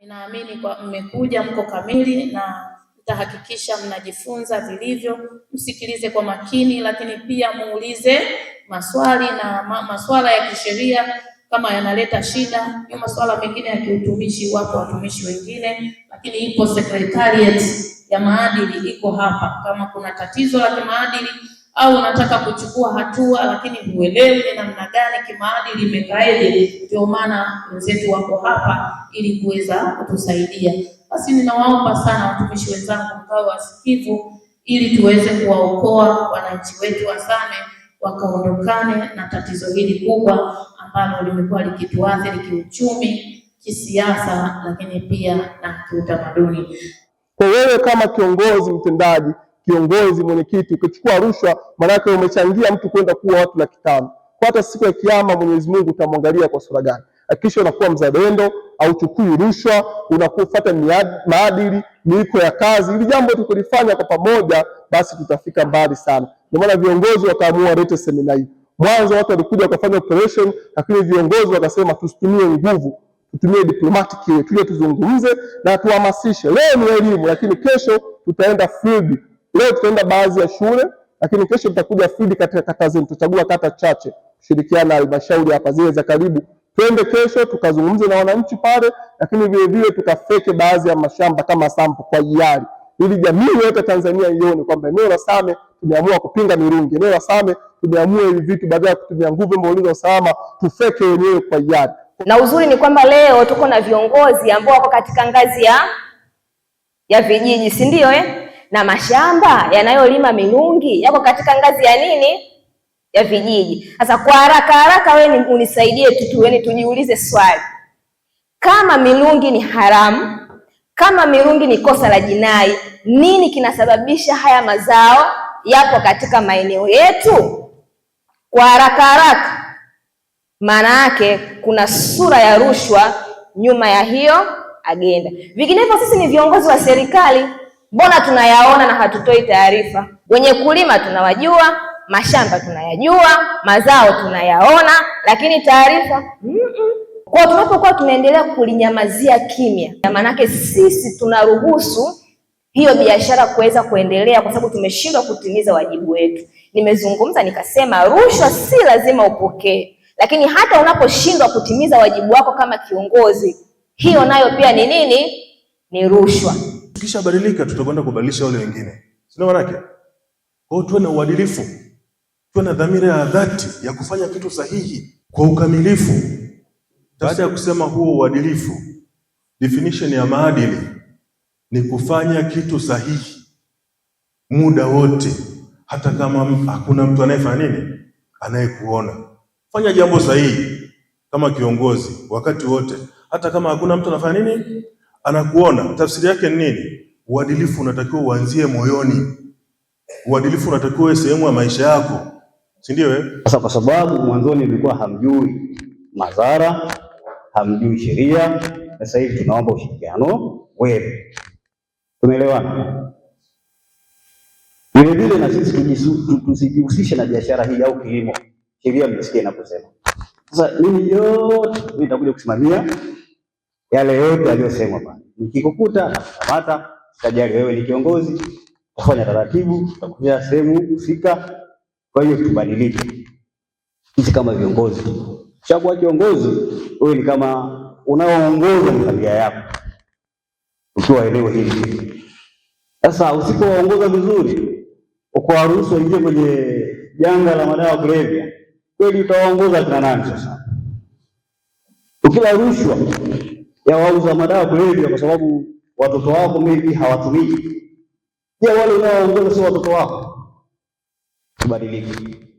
Ninaamini kwa mmekuja mko kamili na mtahakikisha mnajifunza vilivyo. Msikilize kwa makini, lakini pia muulize maswali na ma, maswala ya kisheria kama yanaleta shida. ni maswala mengine ya kiutumishi, wapo watumishi wengine, lakini ipo secretariat ya maadili iko hapa, kama kuna tatizo la kimaadili au unataka kuchukua hatua lakini huelewi namna gani kimaadili imekaeje. Ndio maana wenzetu wako hapa ili kuweza kutusaidia. Basi ninawaomba sana watumishi wenzangu, mkawe wasikivu ili tuweze kuwaokoa wananchi wetu wa Same wakaondokane na tatizo hili kubwa ambalo limekuwa likituathiri kiuchumi, kisiasa, lakini pia na kiutamaduni. Kwa wewe kama kiongozi mtendaji kiongozi, mwenyekiti, ukichukua rushwa, maanake umechangia mtu kwenda kuwa watu laki tano. Kwa hata siku ya Kiyama Mwenyezi Mungu utamwangalia kwa sura gani? Hakikisha unakuwa mzalendo, hauchukui rushwa, unakufuata maadili, miiko ya kazi. Ili jambo tukulifanya kwa pamoja, basi tutafika mbali sana. Ndio maana viongozi wakaamua walete semina hii. Mwanzo watu walikuja wakafanya operation, lakini viongozi wakasema tusitumie nguvu, tutumie diplomatic tuje tuzungumze na tuhamasishe. Leo ni elimu, lakini kesho tutaenda field Leo tutaenda baadhi ya shule, lakini kesho tutakuja field katika kata zetu, tutachagua kata chache kushirikiana na halmashauri hapa zile za karibu. Twende kesho tukazungumze na wananchi pale, lakini vile vile tukafeke baadhi ya mashamba kama sampo kwa hiari, ili jamii yote Tanzania ione kwamba eneo la Same tumeamua kupinga mirungi, eneo la Same tumeamua hivi vitu, badala ya kutumia nguvu ama ulinzi wa usalama, tufeke wenyewe kwa hiari. Na uzuri ni kwamba leo tuko na viongozi ambao wako katika ngazi ya ya vijiji, si ndio eh? na mashamba yanayolima mirungi yako katika ngazi ya nini? Ya vijiji. Sasa kwa haraka haraka, wewe unisaidie tu, tuweni yaani tujiulize swali, kama mirungi ni haramu, kama mirungi ni kosa la jinai, nini kinasababisha haya mazao yapo katika maeneo yetu? Kwa haraka haraka, maana yake kuna sura ya rushwa nyuma ya hiyo agenda. Vinginevyo sisi ni viongozi wa serikali Mbona tunayaona na hatutoi taarifa? Wenye kulima tunawajua, mashamba tunayajua, mazao tunayaona, lakini taarifa Kwa tunapokuwa tunaendelea kulinyamazia kimya, maanake sisi tunaruhusu hiyo biashara kuweza kuendelea kwa sababu tumeshindwa kutimiza wajibu wetu. Nimezungumza nikasema, rushwa si lazima upokee, lakini hata unaposhindwa kutimiza wajibu wako kama kiongozi, hiyo nayo pia ni nini? Ni rushwa tukishabadilika tutakwenda kubadilisha wale wengine, sio maana yake. Kwa hiyo tuwe na uadilifu, tuwe na dhamira ya dhati ya kufanya kitu sahihi kwa ukamilifu. Baada ya kusema huo uadilifu, definition ya maadili ni kufanya kitu sahihi muda wote, hata kama hakuna mtu anayefanya nini, anayekuona. Fanya jambo sahihi kama kiongozi wakati wote, hata kama hakuna mtu anafanya nini anakuona. Tafsiri yake ni nini? Uadilifu unatakiwa uanzie moyoni, uadilifu unatakiwa sehemu ya maisha yako, si ndio? Eh? Sasa kwa sababu mwanzoni ilikuwa hamjui madhara, hamjui sheria, sasa hivi tunaomba ushirikiano wewe. Tumeelewana? Vilevile na sisi tusijihusishe na biashara hii au kilimo, sheria mlisikia inaposema. Sasa mimi yote nitakuja kusimamia yale yote yaliyosemwa pale. Nikikukuta nakukamata, sitajali wewe ni kiongozi, tafanya taratibu, takuja sehemu husika. Kwa hiyo tubadilike sisi kama viongozi. Ukishakuwa kiongozi, wewe ni kama unaoongoza familia yako, ukiwa eneo hili sasa. Usipowaongoza vizuri, ukawaruhusu waingie kwenye janga la madawa kulevya, kweli utawaongoza kina nani? Sasa ukila rushwa ya wauza madawa kulevya, kwa sababu watoto wako maybe hawatumii. Je, wale unaoongoza sio watoto wako? Tubadilike.